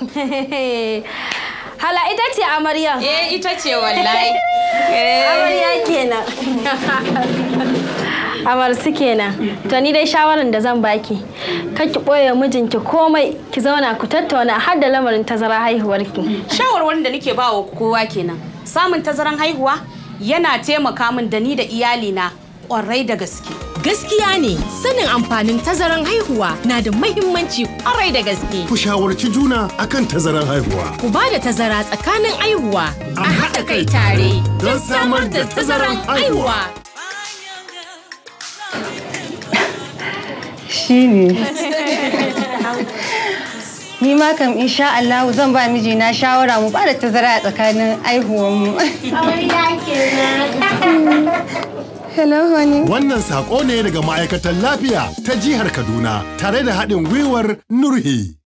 Hala ita ce amaryan. Eh ita ce wallahi. Amarya kenan. Amarsu kenan. To ni dai shawaran da zan baki. Kar ki ɓoye mijinki komai ki zauna ku tattauna har da lamarin tazara haihuwarki. Shawarwarin da nake bawa kowa kenan. Samun tazaran haihuwa yana taimaka min da ni da iyalina kwarai da gaske. Gaskiya ne sanin amfanin tazaran haihuwa na da mahimmanci kwarai da gaske. Ku shawarci juna akan tazaran haihuwa. Ku ba da tazara tsakanin haihuwa. A haɗa kai tare don samar da tazaran haihuwa. Shi ne. ni ma kam insha Allah zan ba mijina shawara mu ba da tazara a tsakanin aihuwar mu. yake. Hello honey. Wannan saƙo ne daga ma'aikatan lafiya ta jihar Kaduna tare da haɗin gwiwar Nurhi.